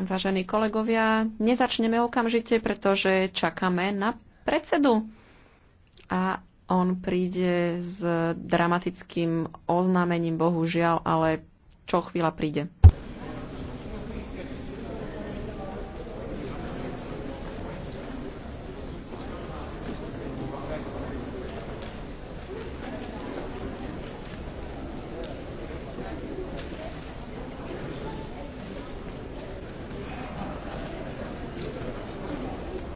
Vážení kolegovia, nezačneme okamžite, pretože čakáme na predsedu. A on príde s dramatickým oznámením, bohužiaľ, ale čo chvíľa príde.